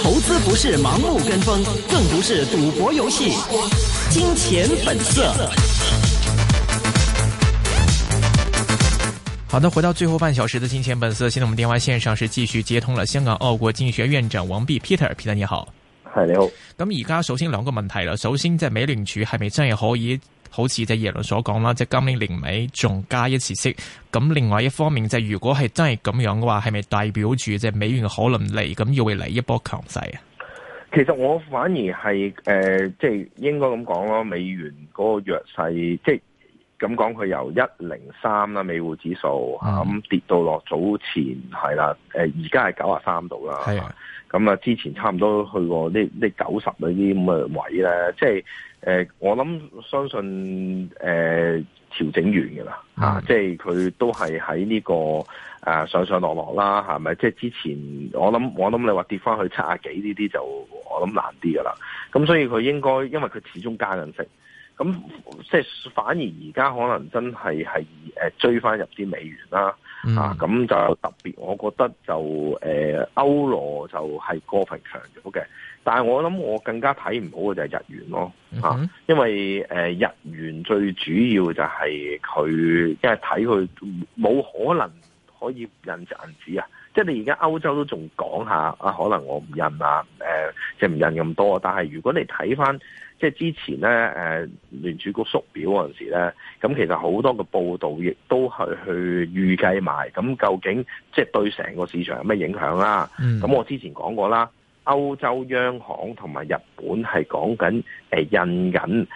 投資不是盲目跟風，更不是賭博遊戲。金錢本色。好的，回到最後半小時的金錢本色。現在我們電話線上是繼續接通了香港澳國經濟學院院長王弼 Peter，Peter 你好。嗨你好。咁而家首先兩個問題了，首先在美領區係咪真係可以？好似就係耶倫所講啦，即係今年年尾仲加一次息。咁另外一方面，就係如果係真係咁樣嘅話，係咪代表住即係美元嘅可能嚟？咁要會嚟一波強勢啊？其實我反而係誒，即、呃、係、就是、應該咁講咯。美元嗰個弱勢，即係咁講，佢由一零三啦，美匯指數咁、嗯、跌到落早前係啦，誒而家係九啊三度啦。係啊，咁、嗯、啊，之前差唔多去過呢呢九十嗰啲咁嘅位咧，即、就、係、是。呃、我諗相信誒、呃、調整完嘅、嗯啊呢個呃、啦，即係佢都係喺呢個上上落落啦，係咪？即係之前我諗，我諗你話跌翻去七啊幾呢啲就我諗難啲嘅啦。咁所以佢應該因為佢始終加緊息，咁、嗯、即係反而而家可能真係係、呃、追翻入啲美元啦，啊，咁就特別，我覺得就誒、呃、歐羅就係過分強咗嘅。但係我諗我更加睇唔好嘅就係日元咯，嗯啊，因為、呃、日元最主要就係佢，即係睇佢冇可能可以印隻銀紙啊！即係你而家歐洲都仲講下啊，可能我唔印啊，即係唔印咁多。但係如果你睇翻即係之前咧誒、呃、聯儲局縮表嗰陣時咧，咁其實好多個報道亦都係去預計埋，咁究竟即係對成個市場有咩影響啦，啊？咁、嗯、我之前講過啦。歐洲央行同埋日本係講緊印緊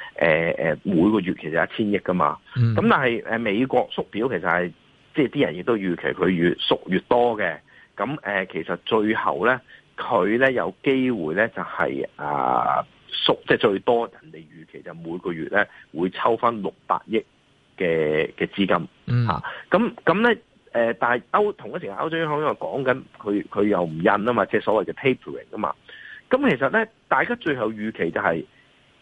每個月其實一千億㗎嘛，咁、嗯、但係美國縮表其實係即係啲人亦都預期佢越縮越多嘅，咁其實最後咧佢咧有機會咧就係、是、啊縮即係最多人哋預期就每個月咧會抽返六百億嘅嘅資金吓咁咁咧。嗯嗯。呃、但係歐同一時間歐洲央行因為講緊佢佢又唔印啊嘛，即係所謂嘅 tapering 啊嘛。咁其實咧，大家最後預期就係、是、誒、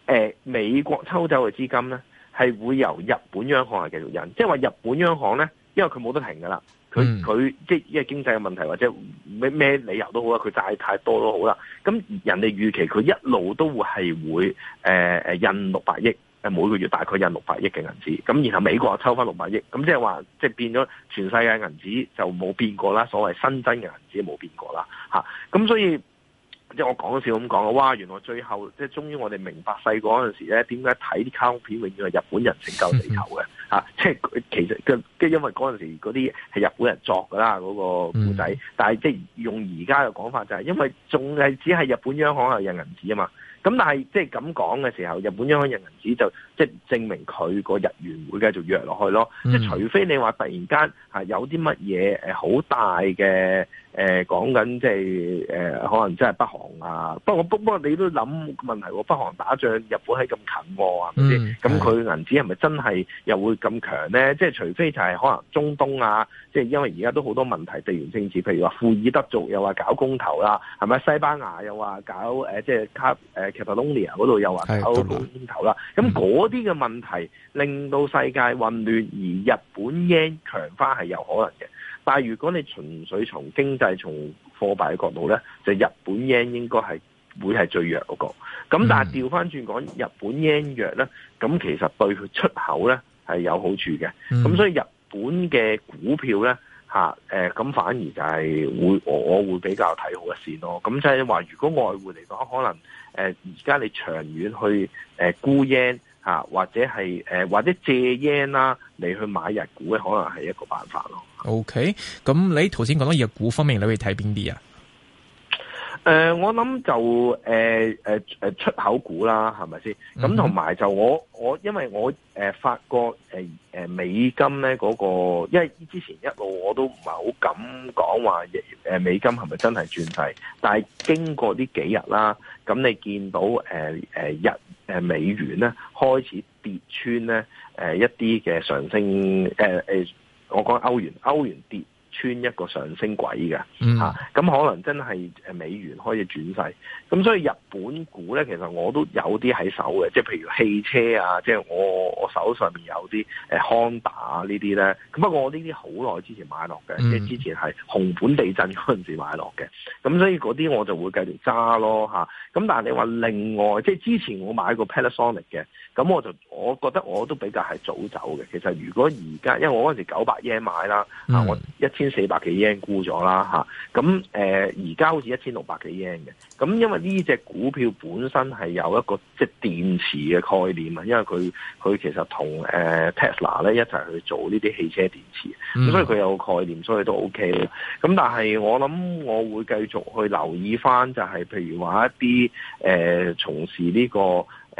呃、美國抽走嘅資金咧，係會由日本央行繼續印，即係話日本央行咧，因為佢冇得停噶啦，佢佢即係經濟嘅問題或者咩咩理由都好啦，佢債太多都好啦。咁人哋預期佢一路都會係會誒、呃、印六百億。誒，每個月大概印六百億嘅銀紙，咁然後美國又抽返六百億，咁即係話即係變咗全世界銀紙就冇變過啦，所謂新增嘅銀紙冇變過啦，咁所以即係我講笑咁講啊，哇！原來最後即係終於我哋明白細個嗰陣時呢，點解睇啲卡通片永遠係日本人拯救地球嘅？即 係其實即係因為嗰陣時嗰啲係日本人作㗎啦，嗰、嗰個故仔， 但係即係用而家嘅講法就係、係，因為仲係只係日本央行係印銀紙啊嘛。咁但係即係咁講嘅時候，日本央行印銀紙就即係證明佢個日元會繼續弱落去咯。即、嗯、係除非你話突然間有啲乜嘢誒好大嘅。誒講緊即係誒，可能真係北韓啊！不過不過你都諗個問題喎、啊，北韓打仗，日本係咁近喎、啊，係咪先？咁佢銀紙係咪真係又會咁強咧？即係除非就係可能中東啊，即係因為而家都好多問題地緣政治，譬如話庫爾德族又話搞公投啦，係咪西班牙又話搞誒、呃、即係卡誒、呃、卡塔隆尼亞嗰度又話搞公投啦？咁嗰啲嘅問題令到世界混亂，而日本耶強翻係有可能嘅。但係如果你純粹從經濟、從貨幣嘅角度咧，就日本 yen 應該係會係最弱嗰個。咁但係調翻轉講，日本 yen 弱咧，咁其實對佢出口咧係有好處嘅。咁所以日本嘅股票咧，嚇誒咁反而就係會我會比較睇好一線咯。咁即係話，如果外匯嚟講，可能誒而家你長遠去誒沽 yen 嚇，或者係誒或者借 yen 啦，你去買日股嘅可能係一個辦法咯。O K，咁你頭先講到日股方面，你會睇邊啲啊？誒、呃，我諗就誒誒誒出口股啦，係咪先？咁同埋就我我，因為我誒發覺誒誒、呃、美金咧嗰、那個，因為之前一路我都唔係好敢講話，誒、呃、美金係咪真係轉勢？但係經過呢幾日啦，咁你見到誒誒日誒美元咧開始跌穿咧誒、呃、一啲嘅上升誒誒。呃呃我講歐元，歐元跌穿一個上升軌嘅嚇，咁、嗯啊、可能真係美元開始轉勢，咁所以日本股咧其實我都有啲喺手嘅，即係譬如汽車啊，即係我我手上面有啲康 Honda 啊呢啲咧，咁不過我呢啲好耐之前買落嘅、嗯，即係之前係熊本地震嗰陣時候買落嘅，咁所以嗰啲我就會繼續揸咯咁、啊、但係你話另外即係之前我買過 Panasonic 嘅。咁我就，我覺得我都比較係早走嘅。其實如果而家，因為我嗰陣時九百 yen 買啦，啊、mm. 我一千四百幾 yen 沽咗啦。咁而家好似一千六百幾 yen 嘅。咁因為呢隻股票本身係有一個即係電池嘅概念啊，因為佢佢其實同誒 Tesla 咧一齊去做呢啲汽車電池，咁、mm. 所以佢有個概念，所以都 OK。咁但係我諗我會繼續去留意返，就係譬如話一啲誒、呃、從事呢、呢個。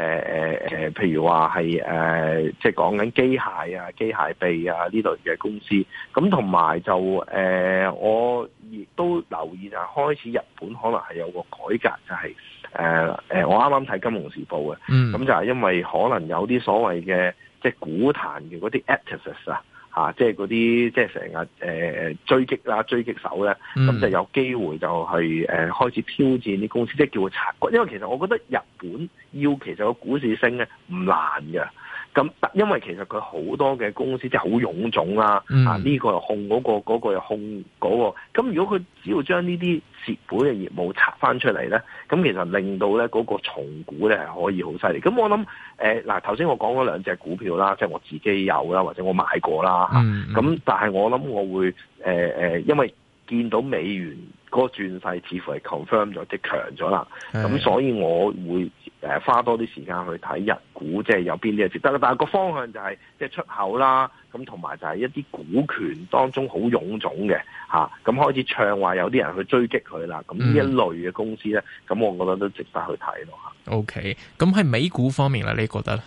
誒、呃呃、譬如話係誒，即係講緊機械啊、機械臂啊呢類嘅公司，咁同埋就誒、呃，我亦都留意啊，開始日本可能係有個改革，就係、是、誒、呃、我啱啱睇《金融時報》嘅、嗯，咁就係因為可能有啲所謂嘅即係股壇嘅嗰啲 activist 啊。吓，即係嗰啲即係成日誒追擊啦、追擊手咧，咁就有機會就去誒、呃、開始挑戰啲公司，即係叫佢拆。因為其實我覺得日本要其實個股市升咧唔難嘅。咁，因為其實佢好多嘅公司即係好臃腫啦、嗯，啊呢、這個又控嗰、那個，嗰、那個又控嗰、那個。咁如果佢只要將呢啲蝕本嘅業務拆翻出嚟咧，咁其實令到咧嗰個重股咧係可以好犀利。咁我諗誒嗱，頭、呃、先我講嗰兩隻股票啦，即、就、係、是、我自己有啦，或者我買過啦咁、嗯啊、但係我諗我會誒、呃、因為見到美元嗰個轉勢似乎係 confirm 咗即係強咗啦，咁、嗯、所以我會。誒花多啲時間去睇日股，即係有邊啲嘢值得？啦但係個方向就係即係出口啦，咁同埋就係一啲股權當中好臃腫嘅咁開始唱話有啲人去追擊佢啦，咁呢一類嘅公司咧，咁我覺得都值得去睇咯 OK，咁喺美股方面咧，你覺得咧？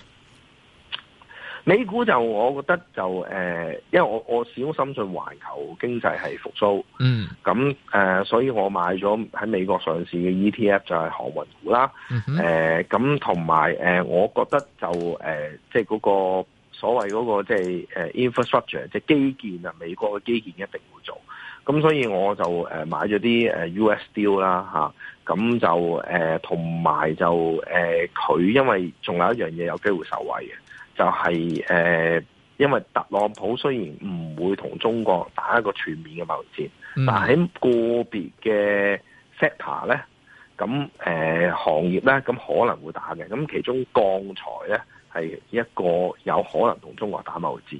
美股就，我覺得就誒、呃，因為我我始終深信環球經濟係復蘇，mm. 嗯，咁誒，所以我買咗喺美國上市嘅 ETF 就係航運股啦，誒、呃，咁同埋誒，我覺得就誒、呃，即係嗰個所謂嗰個即係誒 infrastructure 即係基建啊，美國嘅基建一定會做，咁所以我就誒買咗啲誒 USD 啦、啊、吓，咁就誒同埋就誒佢、呃、因為仲有一樣嘢有機會受惠嘅。就係、是、誒、呃，因為特朗普雖然唔會同中國打一個全面嘅貿易戰，嗯嗯嗯嗯，但喺個別嘅 sector 咧，咁誒行業咧，咁可能會打嘅。咁其中鋼材咧係一個有可能同中國打貿易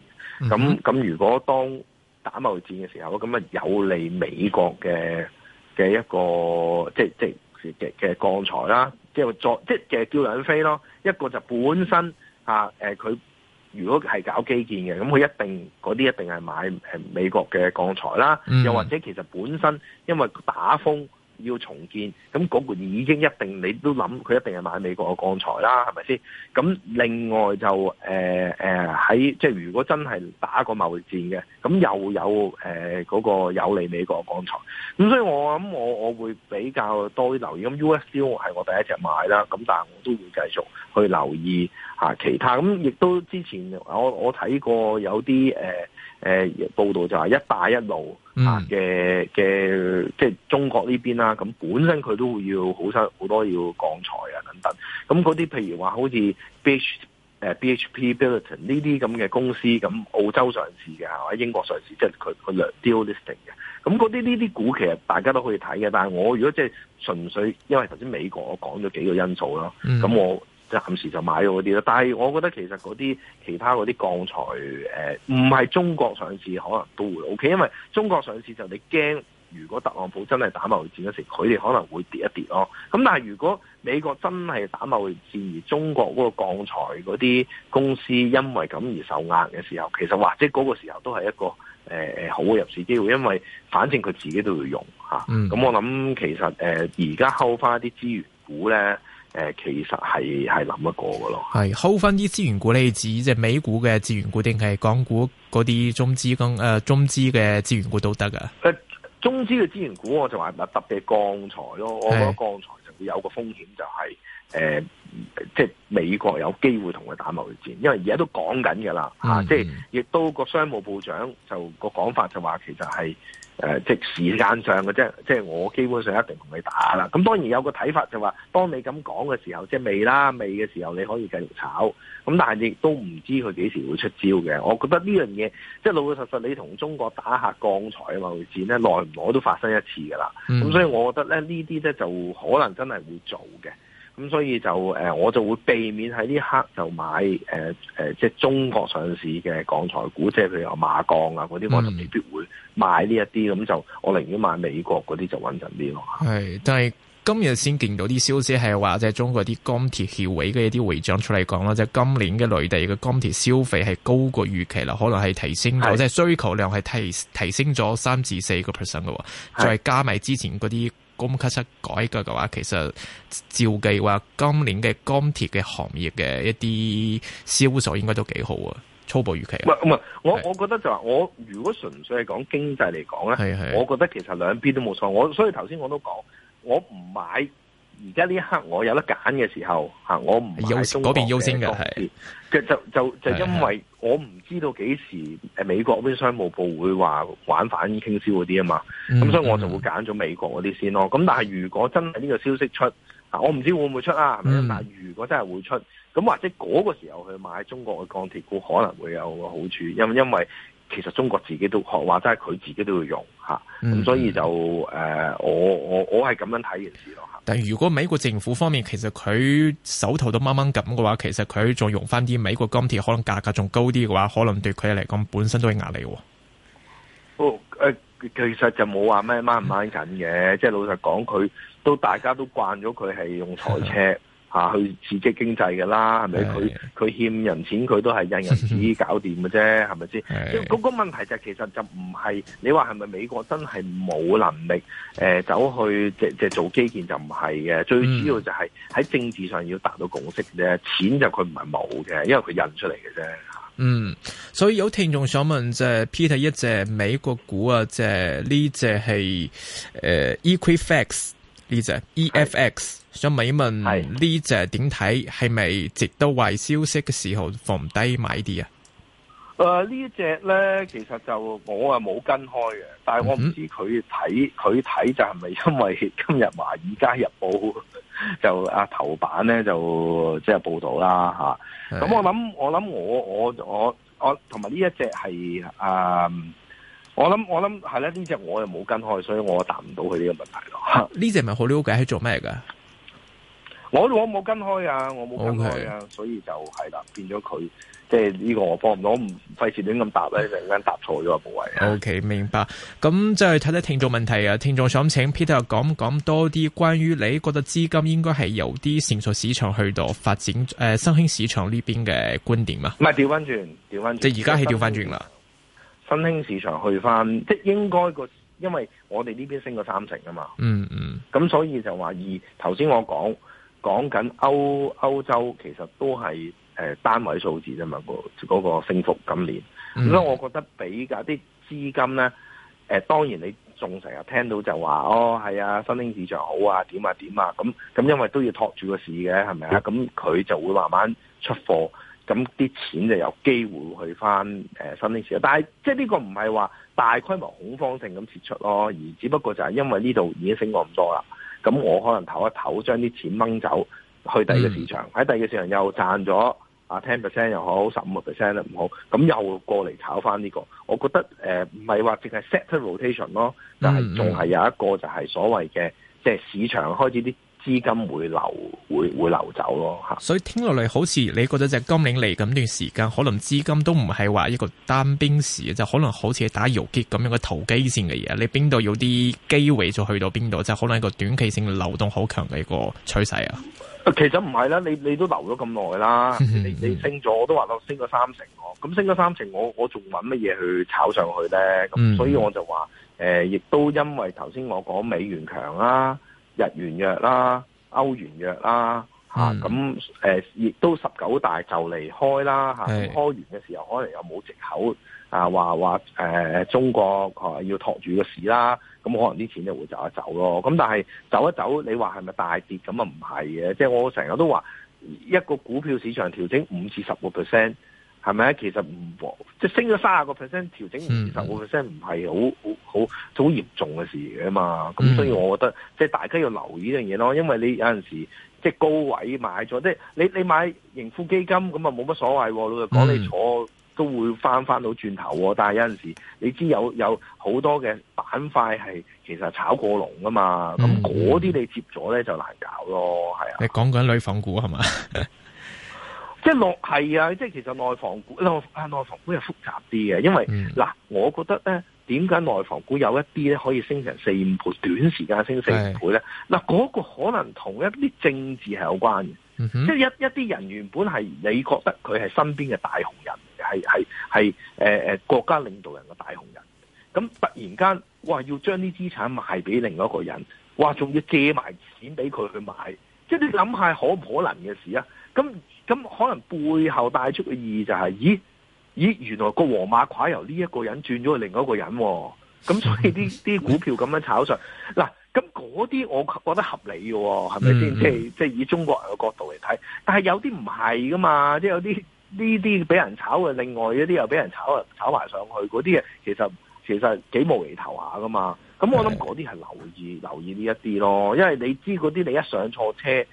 戰。咁、嗯、咁、嗯嗯、如果當打貿易戰嘅時候，咁咪有利美國嘅嘅一個即係即係嘅嘅鋼材啦，即係作即係叫兩飛咯。一個就本身。啊！誒、呃，佢如果係搞基建嘅，咁佢一定嗰啲一定係買誒美國嘅鋼材啦、嗯，又或者其實本身因為打風，要重建，咁嗰部分已經一定，你都諗佢一定係買美國嘅鋼材啦，係咪先？咁另外就誒誒喺即係如果真係打個貿易戰嘅，咁又有誒嗰、呃那個有利美國鋼材。咁所以我諗我我會比較多留意。咁 USO 係我第一隻買啦，咁但係我都會繼續去留意吓其他。咁亦都之前我我睇過有啲誒。呃誒、呃、報道就係一帶一路嘅嘅、嗯，即係中國呢邊啦。咁本身佢都會要好好多要鋼材啊等等。咁嗰啲譬如話好似 BHP、uh, BHP Billiton 呢啲咁嘅公司，咁澳洲上市嘅，或者英國上市，即係佢佢兩 dual listing 嘅。咁嗰啲呢啲股其實大家都可以睇嘅。但係我如果即係純粹，因為頭先美國我講咗幾個因素咯，咁我。嗯暫時就買咗嗰啲啦，但係我覺得其實嗰啲其他嗰啲鋼材誒，唔、呃、係中國上市，可能都會 OK。因為中國上市就你驚，如果特朗普真係打貿易戰嗰時候，佢哋可能會跌一跌咯。咁但係如果美國真係打貿易戰，而中國嗰個鋼材嗰啲公司因為咁而受壓嘅時候，其實或者嗰個時候都係一個誒誒、呃、好嘅入市機會，因為反正佢自己都會用吓。咁、啊嗯嗯、我諗其實誒而家 hold 返一啲資源股咧。誒，其實係係諗得過嘅咯，hold 翻啲資源股，你指即係美股嘅資源股，定係港股嗰啲中資咁？誒，中資嘅資源股都得噶。誒，中資嘅資源股我就話特別鋼材咯，我覺得鋼材就會有個風險，就係誒，即係美國有機會同佢打貿易戰，因為而家都講緊噶啦，吓，即係亦都個商務部長就個講法就話，其實係。誒，即係時間上嘅，即係即我基本上一定同你打啦。咁當然有個睇法就話、是，當你咁講嘅時候，即未啦，未嘅時候你可以繼續炒。咁但係亦都唔知佢幾時會出招嘅。我覺得呢樣嘢，即老老實實，你同中國打下鋼材啊嘛，戰咧耐唔耐都發生一次㗎啦。咁、嗯、所以我覺得咧，呢啲咧就可能真係會做嘅。咁、嗯、所以就誒，我就會避免喺呢刻就買誒誒、呃、即係中國上市嘅鋼材股，即係譬如話馬鋼啊嗰啲，我就未必會買呢一啲。咁、嗯、就我寧願買美國嗰啲就穩陣啲咯。係，但係今日先見到啲消息係話，即、就、係、是、中國啲鋼鐵協會嘅一啲會長出嚟講啦，即、就、係、是、今年嘅內地嘅鋼鐵消費係高過預期啦，可能係提升，即係、就是、需求量係提提升咗三至四個 percent 嘅，再加埋之前嗰啲。供給側改革嘅話，其實照計話，今年嘅鋼鐵嘅行業嘅一啲銷售應該都幾好啊，初步預期。唔係唔係，我我覺得就話、是，我如果純粹係講經濟嚟講咧，是是是我覺得其實兩邊都冇錯。我所以頭先我都講，我唔買。而家呢一刻我有得揀嘅時候吓，我唔買嗰邊優先嘅，即係就就就，就因為我唔知道幾時誒美國邊商務部會話玩反傾銷嗰啲啊嘛，咁、嗯、所以我就會揀咗美國嗰啲先咯。咁但係如果真係呢個消息出，我唔知會唔會出啊？係、嗯、咪？但係如果真係會出，咁或者嗰個時候去買中國嘅鋼鐵股可能會有個好處，因為因為其實中國自己都話齋佢自己都會用。吓、嗯，咁所以就誒，我我我係咁樣睇件事咯。但係如果美國政府方面，其實佢手頭都掹掹緊嘅話，其實佢仲用翻啲美國鋼鐵，可能價格仲高啲嘅話，可能對佢嚟講本身都係壓力哦。哦、誒、呃，其實就冇話咩掹唔掹緊嘅，即係老實講，佢都大家都慣咗佢係用台車。嗯嗯吓、啊，去刺激經濟㗎啦，係咪？佢佢欠人錢，佢都係印銀紙搞掂嘅啫，係咪先？嗰個問題就係、其實就唔係你話係咪美國真係冇能力誒、呃、走去即即、呃、做基建就唔係嘅，最主要就係喺政治上要達到共識。誒錢就佢唔係冇嘅，因為佢印出嚟嘅啫。嗯，所以有聽眾想問，就係 Peter 一隻美國股啊，即呢隻係誒 Equifax 呢隻 EFX。想問，問這一問呢隻點睇，係咪直到壞消息嘅時候放低買啲啊？誒、呃，這一隻呢隻咧其實就我啊冇跟開嘅，但係我唔知佢睇佢睇就係咪因為今日華爾街日報就阿、啊、頭版咧就即係報道啦吓。咁、啊、我諗我諗我我我我同埋呢一隻係誒，我諗我諗係咧呢隻我又冇跟開，所以我答唔到佢呢個問題咯。呢隻咪好了解喺做咩噶？我我冇跟開呀、啊，我冇跟開呀、啊，okay. 所以就係啦，變咗佢即係呢個我幫唔到，唔費事亂咁答咧，突然間答錯咗個部位啊。OK，明白咁就係睇睇聽眾問題呀。聽眾想請 Peter 講講多啲關於你覺得資金應該係由啲成熟市場去到發展誒、呃、新興市場呢邊嘅觀點呀。唔係調返轉，調返轉，即係而家係調返轉啦。新興市場去返，即係應該個，因為我哋呢邊升過三成啊嘛。嗯嗯，咁所以就話二頭先我講。講緊歐歐洲其實都係誒、呃、單位數字啫嘛，嗰、嗰個升幅今年，咁所以我覺得比較啲資金咧，誒、呃、當然你仲成日聽到就話哦係啊新興市場好啊點啊點啊，咁、嗯、咁、嗯嗯嗯嗯、因為都要托住個市嘅係咪啊？咁佢就會慢慢出貨，咁啲錢就有機會去翻誒、呃、新興市場，但係即係呢個唔係話大規模恐慌性咁撤出咯，而只不過就係因為呢度已經升過咁多啦。咁我可能唞一唞，將啲錢掹走，去第二個市場，喺、嗯、第二個市場又賺咗啊，ten percent 又好，十五個 percent 唔好，咁又過嚟炒返、這、呢個。我覺得誒，唔係話淨係 sector rotation 咯，但係仲係有一個就係所謂嘅，即、就、係、是、市場開始啲。資金會流，會會流走咯吓，所以聽落嚟好似你覺得就係今年嚟緊段時間，可能資金都唔係話一個單邊市就可能好似打游擊咁樣嘅投機性嘅嘢。你邊度有啲機會就去到邊度，就可能一個短期性流動好強嘅一個趨勢啊。其實唔係啦，你你都留咗咁耐啦，你 你升咗，我都話咗升咗三成咯。咁升咗三成，我我仲揾乜嘢去炒上去咧？咁 所以我就話，誒、呃，亦都因為頭先我講美元強啦、啊。日元弱啦，歐元弱啦，咁、嗯、誒，亦、啊、都十九大就嚟開啦，啊、開完嘅時候可能又冇藉口啊，話話誒中國要托住個市啦，咁可能啲錢就會走一走咯。咁但係走一走，你話係咪大跌？咁啊唔係嘅，即、就、係、是、我成日都話一個股票市場調整五至十個 percent。係咪啊？其實唔即係升咗卅個 percent，調整二十個 percent 唔係好好好好嚴重嘅事嚟啊嘛！咁所以我覺得、嗯、即係大家要留意呢樣嘢咯，因為你有陣時即係高位買咗，即係你你買盈富基金咁啊冇乜所謂喎。老實講，你坐都會翻翻到轉頭喎。但係有陣時你知有有好多嘅板塊係其實炒過龍㗎嘛，咁嗰啲你接咗咧就難搞咯。係啊，你講緊內房股係嘛？ 即係落係啊！即係其實內房股內啊內房股係複雜啲嘅，因為嗱、嗯，我覺得咧，點解內房股有一啲咧可以升成四五倍，短時間升四五倍咧？嗱，嗰、那個可能同一啲政治係有關嘅，即、嗯、係、就是、一一啲人原本係你覺得佢係身邊嘅大紅人，係係係誒誒國家領導人嘅大紅人，咁突然間哇要將啲資產賣俾另外一個人，哇仲要借埋錢俾佢去買，即、就、係、是、你諗下可唔可能嘅事啊？咁咁可能背後帶出嘅意義就係、是，咦咦，原來個黃馬褂由呢一個人轉咗去另外一個人，咁所以啲啲股票咁樣炒上，嗱，咁嗰啲我覺得合理嘅、哦，係咪先？Mm-hmm. 即係即係以中國人嘅角度嚟睇，但係有啲唔係噶嘛，即係有啲呢啲俾人炒嘅，另外一啲又俾人炒啊炒埋上去，嗰啲啊，其實其實幾無厘頭下噶嘛。咁我諗嗰啲係留意留意呢一啲咯，因為你知嗰啲你一上錯車。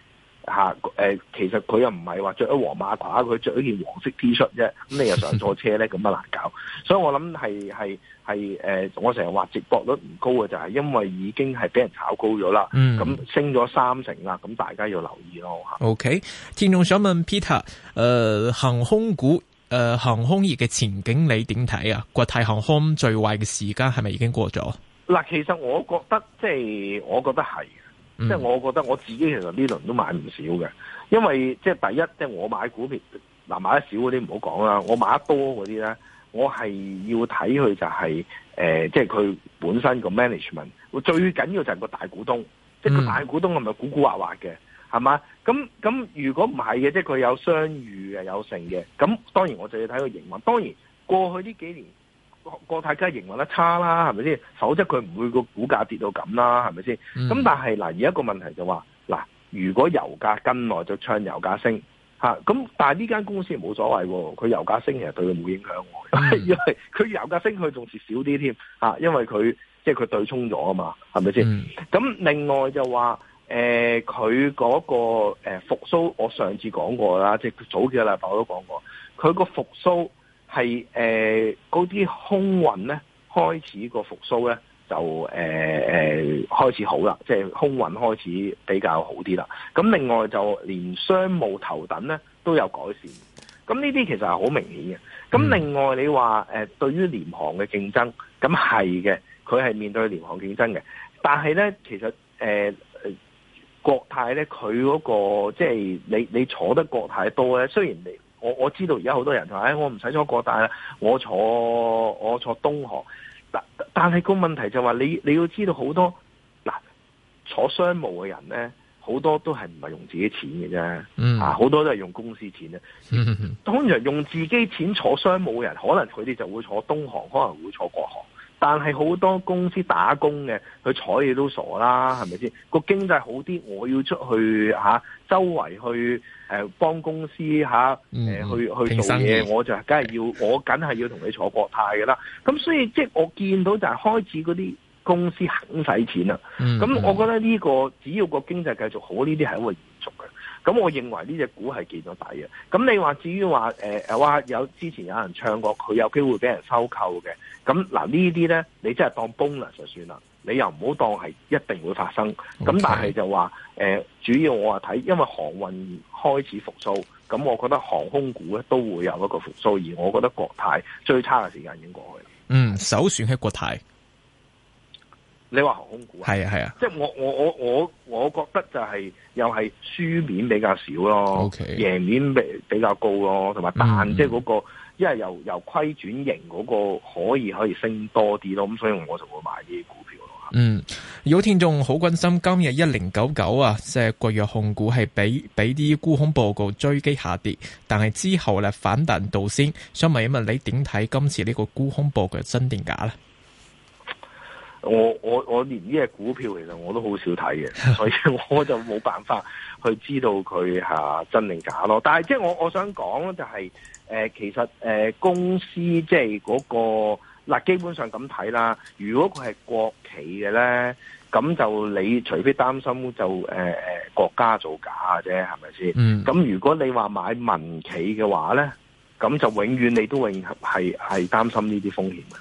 吓、啊，誒、呃，其實佢又唔係話着咗黃馬褂，佢着一件黃色 T 恤啫。咁你又上坐車咧，咁啊難搞。所以我諗係係係誒，我成日話值博率唔高嘅就係因為已經係俾人炒高咗啦。咁、嗯、升咗三成啦，咁大家要留意咯嚇。OK，聽眾想問 Peter，誒、呃，航空股誒、呃、航空業嘅前景你點睇啊？國泰航空最壞嘅時間係咪已經過咗？嗱，其實我覺得即係，我覺得係。 即係我覺得我自己其實呢輪都買唔少嘅，因為即係第一，即係我買股票嗱買得少嗰啲唔好講啦，我買得多嗰啲咧，我係要睇佢就係、是、誒、呃，即係佢本身個 management，最緊要就係個大股東，即係個大股東係咪古古惑惑嘅，係嘛？咁咁如果唔係嘅，即係佢有商譽嘅，有剩嘅，咁當然我就要睇佢營運。當然過去呢幾年。國泰其實營運得差啦，係咪先？否則佢唔會個股價跌到咁啦，係咪先？咁、嗯、但係嗱，而家個問題就話嗱，如果油價跟來就唱油價升吓，咁、啊、但係呢間公司冇所謂，佢油價升其實對佢冇影響、嗯，因為佢油價升佢仲蝕少啲添吓，因為佢即係佢對沖咗啊嘛，係咪先？咁、嗯嗯、另外就話誒，佢、呃、嗰個誒復甦，我上次講過啦，即、就、係、是、早幾個禮拜我都講過，佢個復甦。係誒，嗰、呃、啲空運咧開始個復甦咧就誒誒、呃、開始好啦，即、就、係、是、空運開始比較好啲啦。咁另外就連商務頭等咧都有改善。咁呢啲其實係好明顯嘅。咁另外你話誒、呃、對於廉航嘅競爭，咁係嘅，佢係面對廉航競爭嘅。但係咧其實誒、呃、國泰咧佢嗰個即係、就是、你你坐得國泰多咧，雖然你。我我知道而家好多人就話，唉、哎，我唔使坐國大啦，我坐我坐東航。嗱，但係個問題就話，你你要知道好多嗱，坐商務嘅人咧，好多都係唔係用自己錢嘅啫，嗯、啊，好多都係用公司錢嘅。當然用自己錢坐商務嘅人，可能佢哋就會坐東航，可能會坐國航。但係好多公司打工嘅，佢坐嘢都傻啦，係咪先？個經濟好啲，我要出去吓、啊，周圍去、啊、幫公司吓、啊，去去做嘢，我就梗係要，我梗係要同你坐國泰嘅啦。咁所以即係我見到就係開始嗰啲公司肯使錢啦。咁我覺得呢個只要個經濟繼續好，呢啲係一個。咁我認為呢隻股係見到底嘅。咁你話至於話誒、呃、有有之前有人唱過，佢有機會俾人收購嘅。咁嗱呢啲咧，你真係當 bonus 就算啦。你又唔好當係一定會發生。咁但係就話、呃、主要我話睇，因為航運開始復甦，咁我覺得航空股咧都會有一個復甦。而我覺得國泰最差嘅時間已經過去啦。嗯，首選係國泰。你話航空股啊，係啊係啊，即係我我我我我覺得就係、是、又係輸面比較少咯，ok 贏面比比較高咯，同埋但即係嗰個，因為由由虧轉盈嗰個可以可以升多啲咯，咁所以我就會買啲股票咯。嗯，有聽眾好關心今日一零九九啊，即係國藥控股係俾俾啲沽空報告追擊下跌，但係之後咧反彈到先，想問一問你點睇今次呢個沽空報告的真定假咧？我我我連呢隻股票其實我都好少睇嘅，所以我就冇辦法去知道佢係真定假咯。但係即係我我想講就係、是、誒、呃，其實誒、呃、公司即係嗰個嗱，基本上咁睇啦。如果佢係國企嘅咧，咁就你除非擔心就誒誒、呃、國家造假啫，係咪先？咁、嗯、如果你話買民企嘅話咧，咁就永遠你都永係係擔心呢啲風險啊！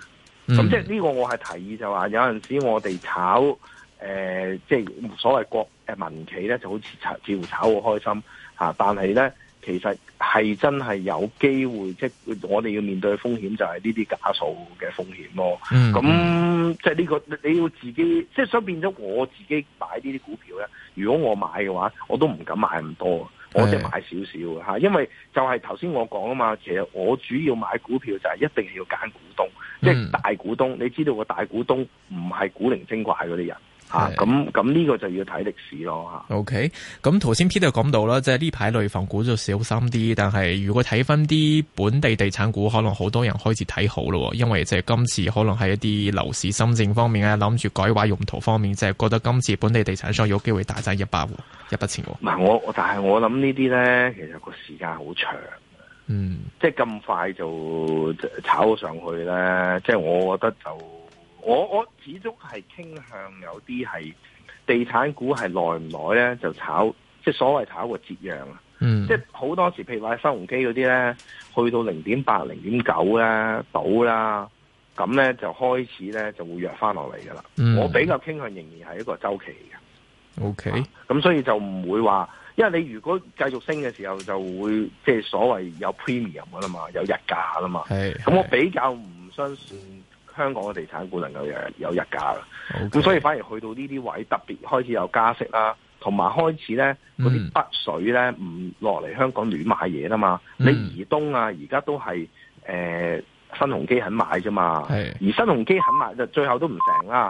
咁、嗯、即係呢個我係提議就話，有陣時我哋炒誒、呃，即係所謂國誒、呃、民企咧，就好似炒，似乎炒好開心吓、啊。但係咧，其實係真係有機會，即係我哋要面對嘅風險就係呢啲假數嘅風險咯、哦。咁、嗯、即係呢、這個你要自己，即係想變咗我自己買呢啲股票咧。如果我買嘅話，我都唔敢買咁多。我哋買少少吓，因為就係頭先我講啊嘛，其實我主要買股票就係一定要揀股東，即、嗯、係大股東。你知道個大股東唔係古靈精怪啲人。啊，咁咁呢個就要睇歷史咯吓。O K，咁頭先 Peter 講到啦，即係呢排內房股就小心啲，但係如果睇翻啲本地地產股，可能好多人開始睇好咯，因為即係今次可能係一啲樓市心情方面咧，諗住改劃用途方面，即係覺得今次本地地產商有機會大賺一百戶一筆錢。唔嗱，我，但我但係我諗呢啲咧，其實個時間好長。嗯，即係咁快就炒上去咧，即係我覺得就。我我始終係傾向有啲係地產股係耐唔耐咧就炒，即係所謂炒個折讓啦。嗯，即係好多時，譬如話收紅機嗰啲咧，去到零點八、零點九咧，倒啦，咁咧就開始咧就會弱翻落嚟噶啦。嗯，我比較傾向仍然係一個周期嘅。O K. 咁所以就唔會話，因為你如果繼續升嘅時候就，就會即係所謂有 premium 噶啦嘛，有溢價啦嘛。係，咁我比較唔相信。香港嘅地產股能夠有有日價啦，咁、okay. 所以反而去到呢啲位特別開始有加息啦，同埋開始咧嗰啲北水咧唔落嚟香港亂買嘢啦嘛、嗯，你移東啊，而家都係誒、呃、新鴻基肯買啫嘛，而新鴻基肯買，就最後都唔成啦。